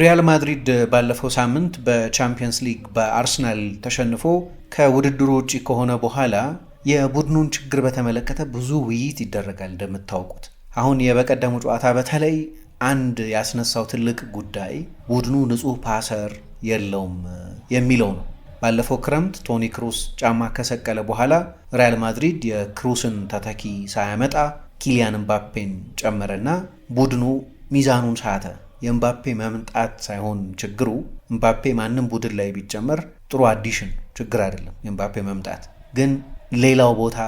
ሪያል ማድሪድ ባለፈው ሳምንት በቻምፒየንስ ሊግ በአርሰናል ተሸንፎ ከውድድሩ ውጭ ከሆነ በኋላ የቡድኑን ችግር በተመለከተ ብዙ ውይይት ይደረጋል። እንደምታውቁት አሁን የበቀደሙ ጨዋታ በተለይ አንድ ያስነሳው ትልቅ ጉዳይ ቡድኑ ንጹህ ፓሰር የለውም የሚለው ነው። ባለፈው ክረምት ቶኒ ክሩስ ጫማ ከሰቀለ በኋላ ሪያል ማድሪድ የክሩስን ተተኪ ሳያመጣ ኪሊያን ምባፔን ጨመረና ቡድኑ ሚዛኑን ሳተ። የእምባፔ መምጣት ሳይሆን ችግሩ እምባፔ ማንም ቡድን ላይ ቢጨመር ጥሩ አዲሽን ችግር አይደለም። የእምባፔ መምጣት ግን ሌላው ቦታ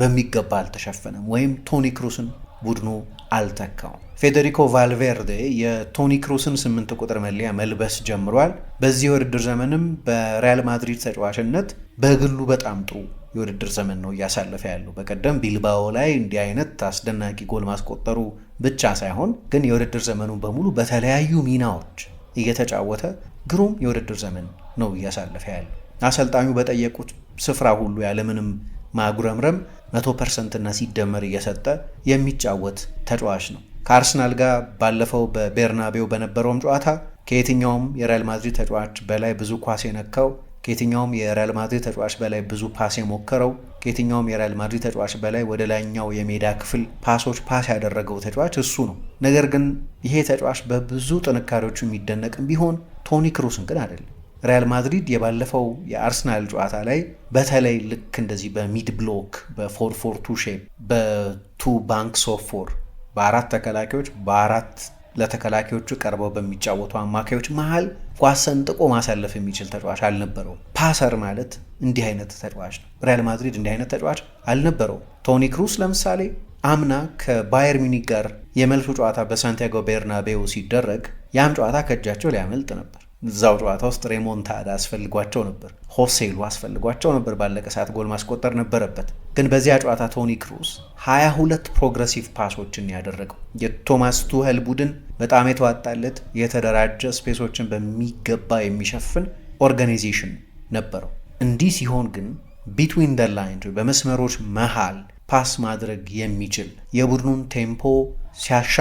በሚገባ አልተሸፈነም፣ ወይም ቶኒ ክሩስን ቡድኑ አልተካውም። ፌዴሪኮ ቫልቬርዴ የቶኒ ክሩስን ስምንት ቁጥር መለያ መልበስ ጀምሯል። በዚህ የውድድር ዘመንም በሪያል ማድሪድ ተጫዋችነት በግሉ በጣም ጥሩ የውድድር ዘመን ነው እያሳለፈ ያለው። በቀደም ቢልባኦ ላይ እንዲህ አይነት አስደናቂ ጎል ማስቆጠሩ ብቻ ሳይሆን ግን የውድድር ዘመኑን በሙሉ በተለያዩ ሚናዎች እየተጫወተ ግሩም የውድድር ዘመን ነው እያሳለፈ ያለ። አሰልጣኙ በጠየቁት ስፍራ ሁሉ ያለምንም ማጉረምረም መቶ ፐርሰንትና ሲደመር እየሰጠ የሚጫወት ተጫዋች ነው። ከአርሰናል ጋር ባለፈው በቤርናቤው በነበረውም ጨዋታ ከየትኛውም የሪያል ማድሪድ ተጫዋች በላይ ብዙ ኳስ የነካው ከየትኛውም የሪያል ማድሪድ ተጫዋች በላይ ብዙ ፓስ የሞከረው ከየትኛውም የሪያል ማድሪድ ተጫዋች በላይ ወደ ላይኛው የሜዳ ክፍል ፓሶች ፓስ ያደረገው ተጫዋች እሱ ነው። ነገር ግን ይሄ ተጫዋች በብዙ ጥንካሬዎቹ የሚደነቅም ቢሆን ቶኒ ክሩስን ግን አይደለም። ሪያል ማድሪድ የባለፈው የአርሰናል ጨዋታ ላይ በተለይ ልክ እንደዚህ በሚድ ብሎክ በፎር ፎር ቱ ሼፕ በቱ ባንክ ሶፎር በአራት ተከላካዮች በአራት ለተከላካዮቹ ቀርበው በሚጫወቱ አማካዮች መሀል ኳስ ሰንጥቆ ማሳለፍ የሚችል ተጫዋች አልነበረውም። ፓሰር ማለት እንዲህ አይነት ተጫዋች ነው። ሪያል ማድሪድ እንዲህ አይነት ተጫዋች አልነበረውም። ቶኒ ክሩስ ለምሳሌ አምና ከባየር ሚኒክ ጋር የመልሱ ጨዋታ በሳንቲያጎ ቤርናቤው ሲደረግ ያም ጨዋታ ከእጃቸው ሊያመልጥ ነበር። እዛው ጨዋታ ውስጥ ሬሞንታዳ አስፈልጓቸው ነበር፣ ሆሴሉ አስፈልጓቸው ነበር። ባለቀ ሰዓት ጎል ማስቆጠር ነበረበት። ግን በዚያ ጨዋታ ቶኒ ክሩስ 22 ፕሮግረሲቭ ፓሶችን ያደረገው የቶማስ ቱኸል ቡድን በጣም የተዋጣለት የተደራጀ ስፔሶችን በሚገባ የሚሸፍን ኦርጋናይዜሽን ነበረው። እንዲህ ሲሆን ግን ቢትዊን ደ ላይን በመስመሮች መሃል ፓስ ማድረግ የሚችል የቡድኑን ቴምፖ ሲያሻ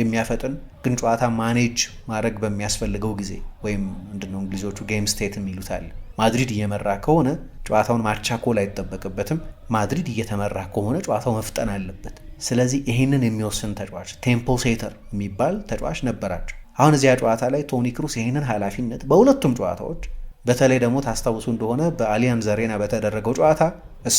የሚያፈጥን ግን ጨዋታ ማኔጅ ማድረግ በሚያስፈልገው ጊዜ ወይም ምንድነው እንግሊዞቹ ጌም ስቴት የሚሉታል። ማድሪድ እየመራ ከሆነ ጨዋታውን ማቻኮል አይጠበቅበትም። ማድሪድ እየተመራ ከሆነ ጨዋታው መፍጠን አለበት። ስለዚህ ይህንን የሚወስን ተጫዋች ቴምፖ ሴተር የሚባል ተጫዋች ነበራቸው። አሁን እዚያ ጨዋታ ላይ ቶኒ ክሩስ ይህንን ኃላፊነት በሁለቱም ጨዋታዎች በተለይ ደግሞ ታስታውሱ እንደሆነ በአሊያን ዘሬና በተደረገው ጨዋታ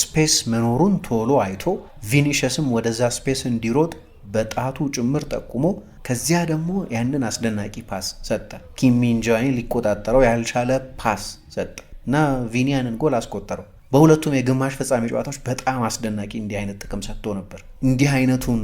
ስፔስ መኖሩን ቶሎ አይቶ ቪኒሸስም ወደዛ ስፔስ እንዲሮጥ በጣቱ ጭምር ጠቁሞ ከዚያ ደግሞ ያንን አስደናቂ ፓስ ሰጠ። ኪሚንጃይን ሊቆጣጠረው ያልቻለ ፓስ ሰጠ እና ቪኒያንን ጎል አስቆጠረው። በሁለቱም የግማሽ ፍጻሜ ጨዋታዎች በጣም አስደናቂ እንዲህ አይነት ጥቅም ሰጥቶ ነበር። እንዲህ አይነቱን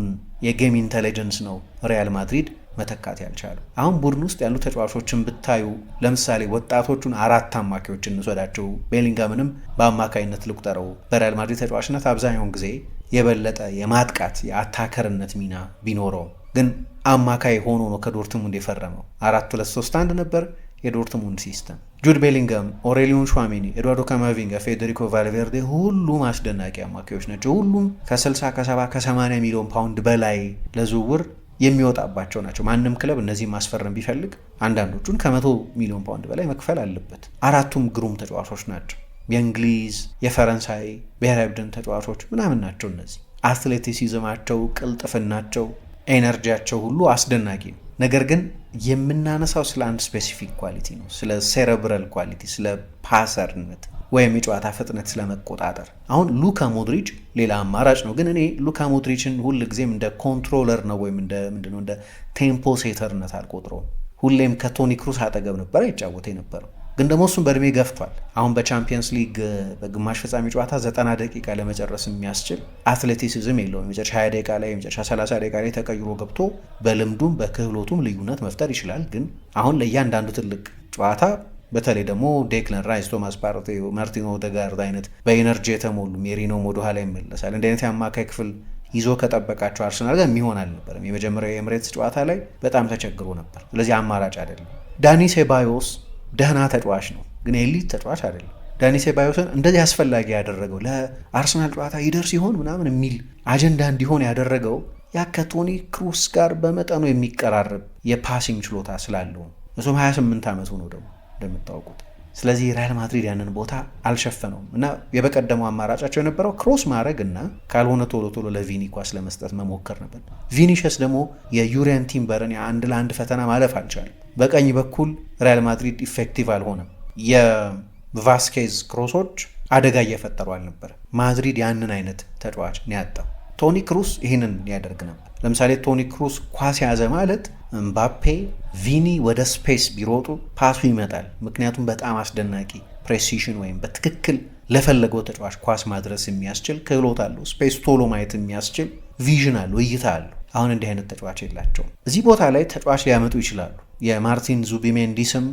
የጌም ኢንቴሊጀንስ ነው ሪያል ማድሪድ መተካት ያልቻሉ። አሁን ቡድን ውስጥ ያሉ ተጫዋቾችን ብታዩ ለምሳሌ ወጣቶቹን አራት አማካዮች እንውሰዳቸው። ቤሊንጋምንም በአማካይነት ልቁጠረው። በሪያል ማድሪድ ተጫዋችነት አብዛኛውን ጊዜ የበለጠ የማጥቃት የአታከርነት ሚና ቢኖረውም ግን አማካይ ሆኖ ነው ከዶርትሙንድ የፈረመው። አራት ሁለት ሶስት አንድ ነበር የዶርትሙንድ ሲስተም። ጁድ ቤሊንገም፣ ኦሬሊዮን ሿሜኒ፣ ኤድዋርዶ ካማቪንጋ፣ ፌዴሪኮ ቫልቬርዴ ሁሉም አስደናቂ አማካዮች ናቸው። ሁሉም ከ60 ከ70 ከ80 ሚሊዮን ፓውንድ በላይ ለዝውውር የሚወጣባቸው ናቸው። ማንም ክለብ እነዚህ ማስፈረም ቢፈልግ አንዳንዶቹን ከመቶ ሚሊዮን ፓውንድ በላይ መክፈል አለበት። አራቱም ግሩም ተጫዋቾች ናቸው። የእንግሊዝ የፈረንሳይ ብሔራዊ ቡድን ተጫዋቾች ምናምን ናቸው። እነዚህ አትሌቲሲዝማቸው፣ ቅልጥፍናቸው፣ ኤነርጂያቸው ሁሉ አስደናቂ ነው። ነገር ግን የምናነሳው ስለ አንድ ስፔሲፊክ ኳሊቲ ነው፣ ስለ ሴረብረል ኳሊቲ፣ ስለ ፓሰርነት ወይም የጨዋታ ፍጥነት ስለመቆጣጠር። አሁን ሉካ ሞድሪች ሌላ አማራጭ ነው፣ ግን እኔ ሉካ ሞድሪችን ጊዜም እንደ ኮንትሮለር ነው ወይም እንደ ቴምፖ ሴተርነት አልቆጥረውም። ሁሌም ከቶኒ ክሩስ አጠገብ ነበር ይጫወት የነበረው። ግን ደግሞ እሱም በእድሜ ገፍቷል። አሁን በቻምፒየንስ ሊግ በግማሽ ፍጻሜ ጨዋታ ዘጠና ደቂቃ ለመጨረስ የሚያስችል አትሌቲሲዝም የለውም። የመጨረሻ 20 ደቂቃ ላይ የመጨረሻ 30 ደቂቃ ላይ ተቀይሮ ገብቶ በልምዱም በክህሎቱም ልዩነት መፍጠር ይችላል። ግን አሁን ለእያንዳንዱ ትልቅ ጨዋታ በተለይ ደግሞ ዴክለን ራይስ፣ ቶማስ ፓርቴ፣ ማርቲን ኦዴጋርድ አይነት በኢነርጂ የተሞሉ ሜሪኖም ወደኋላ ይመለሳል። እንደ አይነት የአማካይ ክፍል ይዞ ከጠበቃቸው አርሰናል ጋር የሚሆን አልነበረም። የመጀመሪያው የኤምሬትስ ጨዋታ ላይ በጣም ተቸግሮ ነበር። ስለዚህ አማራጭ አይደለም። ዳኒ ሴባዮስ ደህና ተጫዋች ነው፣ ግን ኤሊት ተጫዋች አይደለም። ዳኒ ሴባዮስን እንደዚህ አስፈላጊ ያደረገው ለአርሰናል ጨዋታ ይደርስ ይሆን ምናምን የሚል አጀንዳ እንዲሆን ያደረገው ያ ከቶኒ ክሩስ ጋር በመጠኑ የሚቀራረብ የፓሲንግ ችሎታ ስላለው እሱም 28 ዓመቱ ነው ደግሞ እንደምታውቁት። ስለዚህ ሪያል ማድሪድ ያንን ቦታ አልሸፈነውም እና የበቀደመው አማራጫቸው የነበረው ክሮስ ማድረግ እና ካልሆነ ቶሎ ቶሎ ለቪኒ ኳስ ለመስጠት መሞከር ነበር። ቪኒሸስ ደግሞ የዩሪያን ቲምበርን የአንድ ለአንድ ፈተና ማለፍ አልቻለም። በቀኝ በኩል ሪያል ማድሪድ ኢፌክቲቭ አልሆነም። የቫስኬዝ ክሮሶች አደጋ እየፈጠሩ አልነበረ። ማድሪድ ያንን አይነት ተጫዋች ነው ያጣው። ቶኒ ክሩስ ይህንን ያደርግ ነበር። ለምሳሌ ቶኒ ክሩስ ኳስ ያዘ ማለት እምባፔ፣ ቪኒ ወደ ስፔስ ቢሮጡ ፓሱ ይመጣል። ምክንያቱም በጣም አስደናቂ ፕሬሲሽን ወይም በትክክል ለፈለገው ተጫዋች ኳስ ማድረስ የሚያስችል ክህሎት አለው። ስፔስ ቶሎ ማየት የሚያስችል ቪዥን አለው፣ እይታ አለው። አሁን እንዲህ አይነት ተጫዋች የላቸውም። እዚህ ቦታ ላይ ተጫዋች ሊያመጡ ይችላሉ። የማርቲን ዙቢሜንዲ ስም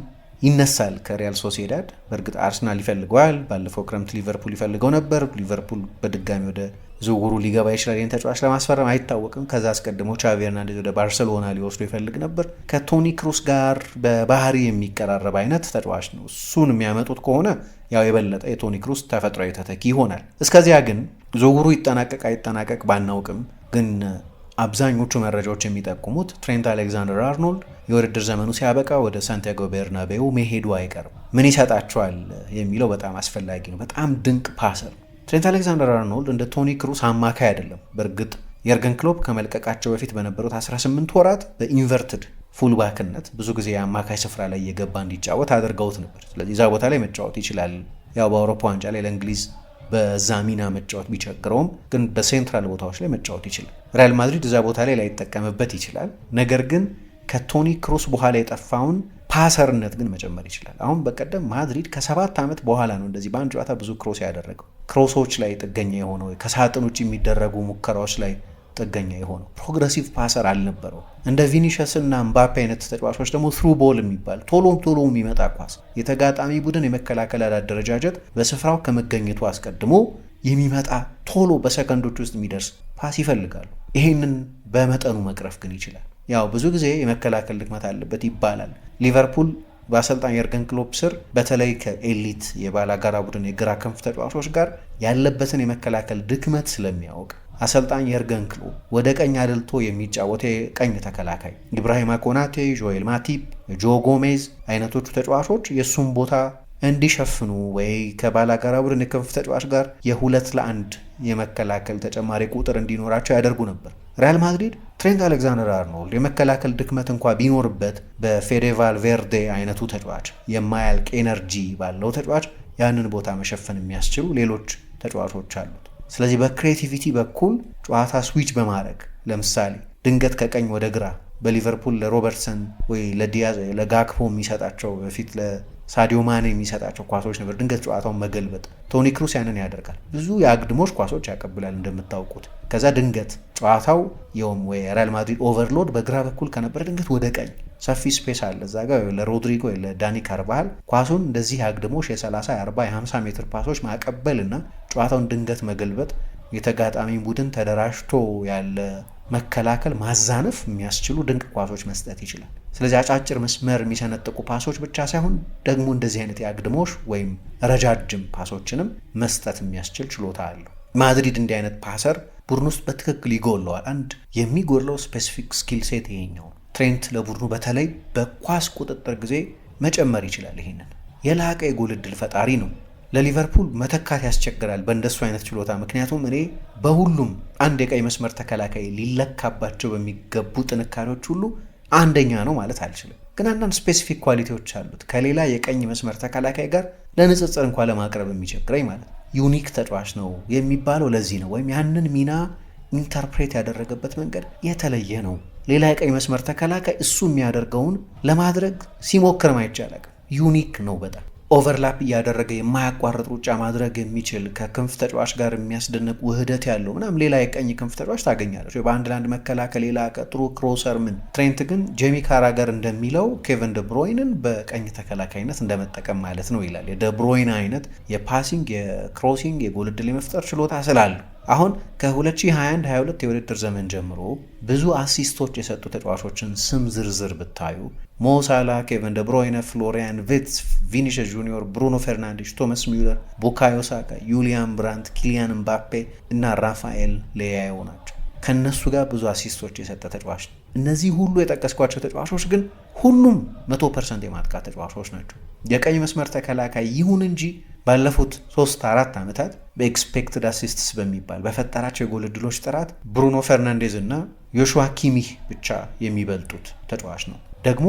ይነሳል ከሪያል ሶሲዳድ። በእርግጥ አርሰናል ይፈልገዋል። ባለፈው ክረምት ሊቨርፑል ይፈልገው ነበር። ሊቨርፑል በድጋሚ ወደ ዝውውሩ ሊገባ ይችላል። ይህን ተጫዋች ለማስፈረም አይታወቅም። ከዛ አስቀድሞ ቻቪ ሄርናንዴዝ ወደ ባርሰሎና ሊወስዶ ይፈልግ ነበር። ከቶኒ ክሩስ ጋር በባህሪ የሚቀራረብ አይነት ተጫዋች ነው። እሱን የሚያመጡት ከሆነ ያው የበለጠ የቶኒ ክሩስ ተፈጥሯዊ ተተኪ ይሆናል። እስከዚያ ግን ዝውውሩ ይጠናቀቅ አይጠናቀቅ ባናውቅም ግን አብዛኞቹ መረጃዎች የሚጠቁሙት ትሬንት አሌክዛንደር አርኖልድ የውድድር ዘመኑ ሲያበቃ ወደ ሳንቲያጎ ቤርናቤው መሄዱ አይቀርም። ምን ይሰጣቸዋል የሚለው በጣም አስፈላጊ ነው። በጣም ድንቅ ፓሰር። ትሬንት አሌክዛንደር አርኖልድ እንደ ቶኒ ክሩስ አማካይ አይደለም። በእርግጥ የርገን ክሎፕ ከመልቀቃቸው በፊት በነበሩት 18 ወራት በኢንቨርትድ ፉልባክነት ብዙ ጊዜ የአማካይ ስፍራ ላይ እየገባ እንዲጫወት አድርገውት ነበር። ስለዚህ እዛ ቦታ ላይ መጫወት ይችላል። ያው በአውሮፓ ዋንጫ ላይ ለእንግሊዝ በዛ ሚና መጫወት ቢቸግረውም ግን በሴንትራል ቦታዎች ላይ መጫወት ይችላል። ሪያል ማድሪድ እዛ ቦታ ላይ ላይጠቀምበት ይችላል። ነገር ግን ከቶኒ ክሮስ በኋላ የጠፋውን ፓሰርነት ግን መጨመር ይችላል። አሁን በቀደም ማድሪድ ከሰባት ዓመት በኋላ ነው እንደዚህ በአንድ ጨዋታ ብዙ ክሮስ ያደረገው። ክሮሶች ላይ ጥገኛ የሆነው ከሳጥን ውጭ የሚደረጉ ሙከራዎች ላይ ጥገኛ የሆነው ፕሮግረሲቭ ፓሰር አልነበረው። እንደ ቪኒሸስ እና ምባፔ አይነት ተጫዋቾች ደግሞ ትሩ ቦል የሚባል ቶሎም ቶሎ የሚመጣ ኳስ የተጋጣሚ ቡድን የመከላከል አደረጃጀት በስፍራው ከመገኘቱ አስቀድሞ የሚመጣ ቶሎ በሰከንዶች ውስጥ የሚደርስ ፓስ ይፈልጋሉ። ይሄንን በመጠኑ መቅረፍ ግን ይችላል። ያው ብዙ ጊዜ የመከላከል ድክመት አለበት ይባላል። ሊቨርፑል በአሰልጣኝ የርገን ክሎፕ ስር በተለይ ከኤሊት የባላጋራ ቡድን የግራ ክንፍ ተጫዋቾች ጋር ያለበትን የመከላከል ድክመት ስለሚያውቅ አሰልጣኝ የርገን ክሎፕ ወደ ቀኝ አድልቶ የሚጫወት የቀኝ ተከላካይ ኢብራሂማ ኮናቴ፣ ጆኤል ማቲፕ፣ ጆ ጎሜዝ አይነቶቹ ተጫዋቾች የእሱን ቦታ እንዲሸፍኑ ወይ ከባላጋራ ቡድን ክንፍ ተጫዋች ጋር የሁለት ለአንድ የመከላከል ተጨማሪ ቁጥር እንዲኖራቸው ያደርጉ ነበር። ሪያል ማድሪድ ትሬንት አሌክዛንደር አርኖልድ የመከላከል ድክመት እንኳ ቢኖርበት በፌዴ ቫልቬርዴ አይነቱ ተጫዋች የማያልቅ ኤነርጂ ባለው ተጫዋች ያንን ቦታ መሸፈን የሚያስችሉ ሌሎች ተጫዋቾች አሉት። ስለዚህ በክሬቲቪቲ በኩል ጨዋታ ስዊች በማድረግ ለምሳሌ ድንገት ከቀኝ ወደ ግራ በሊቨርፑል ለሮበርትሰን ወይ ለዲያዝ ለጋክፖ የሚሰጣቸው በፊት ለሳዲዮ ማኔ የሚሰጣቸው ኳሶች ነበር። ድንገት ጨዋታውን መገልበጥ ቶኒ ክሩስ ያንን ያደርጋል። ብዙ የአግድሞች ኳሶች ያቀብላል እንደምታውቁት። ከዛ ድንገት ጨዋታው የውም ወይ ሪያል ማድሪድ ኦቨርሎድ በግራ በኩል ከነበረ ድንገት ወደ ቀኝ ሰፊ ስፔስ አለ እዛ ጋር ለሮድሪጎ ለዳኒ ካርባሃል ኳሱን እንደዚህ አግድሞሽ የ30 የ40 የ50 ሜትር ፓሶች ማቀበል ጨዋታውን ድንገት መገልበጥ የተጋጣሚ ቡድን ተደራጅቶ ያለ መከላከል ማዛነፍ የሚያስችሉ ድንቅ ኳሶች መስጠት ይችላል። ስለዚህ አጫጭር መስመር የሚሰነጥቁ ፓሶች ብቻ ሳይሆን ደግሞ እንደዚህ አይነት የአግድሞሽ ወይም ረጃጅም ፓሶችንም መስጠት የሚያስችል ችሎታ አለው። ማድሪድ እንዲህ አይነት ፓሰር ቡድን ውስጥ በትክክል ይጎለዋል። አንድ የሚጎለው ስፔሲፊክ ስኪል ሴት ይሄኛው ነው። ትሬንት ለቡድኑ በተለይ በኳስ ቁጥጥር ጊዜ መጨመር ይችላል። ይሄንን የላቀ የጎል እድል ፈጣሪ ነው። ለሊቨርፑል መተካት ያስቸግራል በእንደሱ አይነት ችሎታ። ምክንያቱም እኔ በሁሉም አንድ የቀይ መስመር ተከላካይ ሊለካባቸው በሚገቡ ጥንካሬዎች ሁሉ አንደኛ ነው ማለት አልችልም፣ ግን አንዳንድ ስፔሲፊክ ኳሊቲዎች አሉት ከሌላ የቀኝ መስመር ተከላካይ ጋር ለንጽጽር እንኳ ለማቅረብ የሚቸግረኝ ማለት ዩኒክ ተጫዋች ነው የሚባለው ለዚህ ነው። ወይም ያንን ሚና ኢንተርፕሬት ያደረገበት መንገድ የተለየ ነው ሌላ የቀኝ መስመር ተከላካይ እሱ የሚያደርገውን ለማድረግ ሲሞክር ማይቻለቅ ዩኒክ ነው በጣም ኦቨርላፕ እያደረገ የማያቋርጥ ሩጫ ማድረግ የሚችል ከክንፍ ተጫዋች ጋር የሚያስደንቅ ውህደት ያለው ምናም ሌላ የቀኝ ክንፍ ተጫዋች ታገኛለች። በአንድ ለአንድ መከላከል ሌላ ጥሩ ክሮሰር ምን ትሬንት ግን ጄሚ ካራገር እንደሚለው ኬቨን ደብሮይንን በቀኝ ተከላካይነት እንደመጠቀም ማለት ነው ይላል። የደብሮይን አይነት የፓሲንግ የክሮሲንግ የጎል የመፍጠር ችሎታ ስላለው አሁን ከ2021-22 የውድድር ዘመን ጀምሮ ብዙ አሲስቶች የሰጡ ተጫዋቾችን ስም ዝርዝር ብታዩ ሞሳላ፣ ኬቨን ደብሮይነ፣ ፍሎሪያን ቪትስ፣ ቪኒሽ ጁኒዮር፣ ብሩኖ ፈርናንዴሽ፣ ቶማስ ሚለር፣ ቡካዮ ሳካ፣ ዩሊያን ብራንት፣ ኪሊያን ምባፔ እና ራፋኤል ሌያዮ ናቸው። ከነሱ ጋር ብዙ አሲስቶች የሰጠ ተጫዋች ነው። እነዚህ ሁሉ የጠቀስኳቸው ተጫዋቾች ግን ሁሉም 100% የማጥቃት ተጫዋቾች ናቸው። የቀኝ መስመር ተከላካይ ይሁን እንጂ ባለፉት ሶስት አራት ዓመታት በኤክስፔክትድ አሲስትስ በሚባል በፈጠራቸው የጎል ዕድሎች ጥራት ብሩኖ ፈርናንዴዝ እና ዮሹዋ ኪሚህ ብቻ የሚበልጡት ተጫዋች ነው። ደግሞ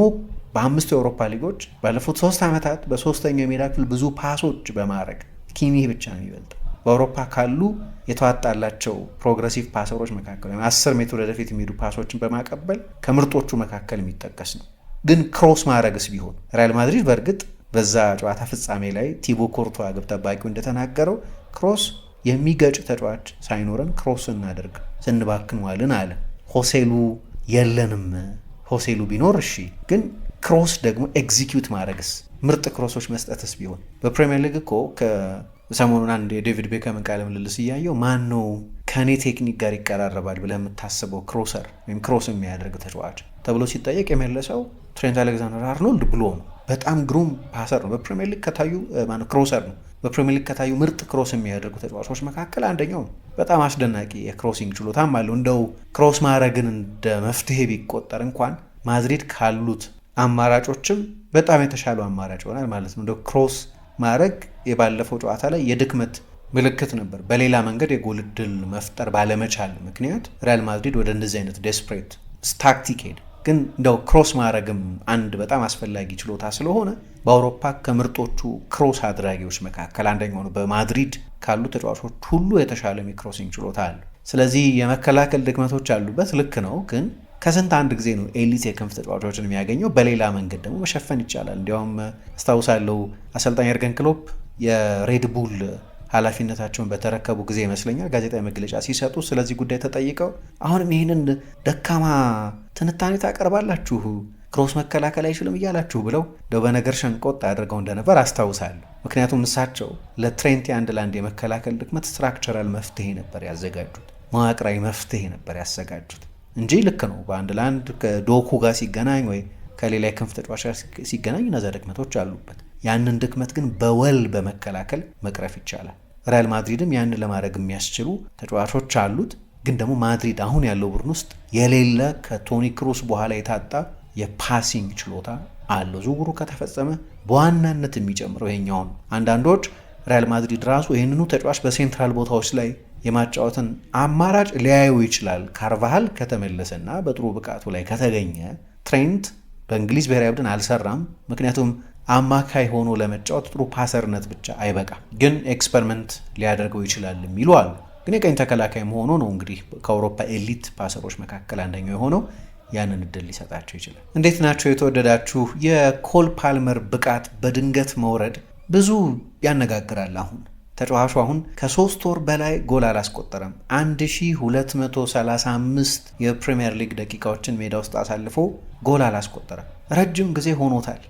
በአምስቱ የአውሮፓ ሊጎች ባለፉት ሶስት ዓመታት በሶስተኛው የሜዳ ክፍል ብዙ ፓሶች በማድረግ ኪሚህ ብቻ ነው የሚበልጠው። በአውሮፓ ካሉ የተዋጣላቸው ፕሮግረሲቭ ፓሰሮች መካከል ወይም አስር ሜትር ወደፊት የሚሄዱ ፓሶችን በማቀበል ከምርጦቹ መካከል የሚጠቀስ ነው። ግን ክሮስ ማድረግስ ቢሆን ሪያል ማድሪድ በእርግጥ በዛ ጨዋታ ፍጻሜ ላይ ቲቦ ኮርቷ ግብ ጠባቂው እንደተናገረው ክሮስ የሚገጭ ተጫዋች ሳይኖረን ክሮስ እናደርግ ስንባክን ዋልን አለ። ሆሴሉ የለንም። ሆሴሉ ቢኖር እሺ፣ ግን ክሮስ ደግሞ ኤግዚኪዩት ማድረግስ ምርጥ ክሮሶች መስጠትስ ቢሆን በፕሪሚየር ሊግ እኮ ሰሞኑን አንድ የዴቪድ ቤከምን ቃለ ምልልስ እያየው ማን ነው ከእኔ ቴክኒክ ጋር ይቀራረባል ብለህ የምታስበው ክሮሰር ወይም ክሮስ የሚያደርግ ተጫዋች ተብሎ ሲጠየቅ የመለሰው ትሬንት አሌክዛንደር አርኖልድ ብሎ ነው። በጣም ግሩም ፓሰር ነው። በፕሪሚየር ሊግ ከታዩ ማነው ክሮሰር ነው። በፕሪሚየር ሊግ ከታዩ ምርጥ ክሮስ የሚያደርጉ ተጫዋቾች መካከል አንደኛው ነው። በጣም አስደናቂ የክሮሲንግ ችሎታም አለው። እንደው ክሮስ ማድረግን እንደ መፍትሄ ቢቆጠር እንኳን ማድሪድ ካሉት አማራጮችም በጣም የተሻሉ አማራጭ ይሆናል ማለት ነው። እንደው ክሮስ ማድረግ የባለፈው ጨዋታ ላይ የድክመት ምልክት ነበር። በሌላ መንገድ የጎል መፍጠር ባለመቻል ምክንያት ሪያል ማድሪድ ወደ እንደዚህ አይነት ዴስፕሬት ታክቲክ ሄደ። ግን እንደው ክሮስ ማድረግም አንድ በጣም አስፈላጊ ችሎታ ስለሆነ በአውሮፓ ከምርጦቹ ክሮስ አድራጊዎች መካከል አንደኛው ነው። በማድሪድ ካሉ ተጫዋቾች ሁሉ የተሻለ የክሮሲንግ ችሎታ አለ። ስለዚህ የመከላከል ድክመቶች አሉበት፣ ልክ ነው። ግን ከስንት አንድ ጊዜ ነው ኤሊት የክንፍ ተጫዋቾችን የሚያገኘው። በሌላ መንገድ ደግሞ መሸፈን ይቻላል። እንዲያውም አስታውሳለሁ አሰልጣኝ የርገን ክሎፕ የሬድቡል ኃላፊነታቸውን በተረከቡ ጊዜ ይመስለኛል ጋዜጣዊ መግለጫ ሲሰጡ ስለዚህ ጉዳይ ተጠይቀው አሁንም ይህንን ደካማ ትንታኔ ታቀርባላችሁ፣ ክሮስ መከላከል አይችልም እያላችሁ ብለው ደው በነገር ሸንቆጥ አድርገው እንደነበር አስታውሳለሁ። ምክንያቱም እሳቸው ለትሬንት የአንድ ለአንድ የመከላከል ድክመት ስትራክቸራል መፍትሄ ነበር ያዘጋጁት፣ መዋቅራዊ መፍትሄ ነበር ያዘጋጁት እንጂ ልክ ነው። በአንድ ለአንድ ከዶኩ ጋር ሲገናኝ ወይ ከሌላ የክንፍ ተጫዋች ጋር ሲገናኝ እነዚያ ድክመቶች አሉበት። ያንን ድክመት ግን በወል በመከላከል መቅረፍ ይቻላል። ሪያል ማድሪድም ያንን ለማድረግ የሚያስችሉ ተጫዋቾች አሉት። ግን ደግሞ ማድሪድ አሁን ያለው ቡድን ውስጥ የሌለ ከቶኒ ክሩስ በኋላ የታጣ የፓሲንግ ችሎታ አለው። ዝውውሩ ከተፈጸመ በዋናነት የሚጨምረው ይሄኛውን። አንዳንዶች ሪያል ማድሪድ ራሱ ይህንኑ ተጫዋች በሴንትራል ቦታዎች ላይ የማጫወትን አማራጭ ሊያዩ ይችላል። ካርቫሃል ከተመለሰና በጥሩ ብቃቱ ላይ ከተገኘ ትሬንት በእንግሊዝ ብሔራዊ ቡድን አልሰራም። ምክንያቱም አማካይ ሆኖ ለመጫወት ጥሩ ፓሰርነት ብቻ አይበቃም፣ ግን ኤክስፐሪመንት ሊያደርገው ይችላል የሚሉ አሉ። ግን የቀኝ ተከላካይ መሆኑ ነው እንግዲህ ከአውሮፓ ኤሊት ፓሰሮች መካከል አንደኛው የሆነው ያንን እድል ሊሰጣቸው ይችላል። እንዴት ናቸው የተወደዳችሁ? የኮል ፓልመር ብቃት በድንገት መውረድ ብዙ ያነጋግራል። አሁን ተጫዋቹ አሁን ከሶስት ወር በላይ ጎል አላስቆጠረም። 1235 የፕሪምየር ሊግ ደቂቃዎችን ሜዳ ውስጥ አሳልፎ ጎል አላስቆጠረም። ረጅም ጊዜ ሆኖታል።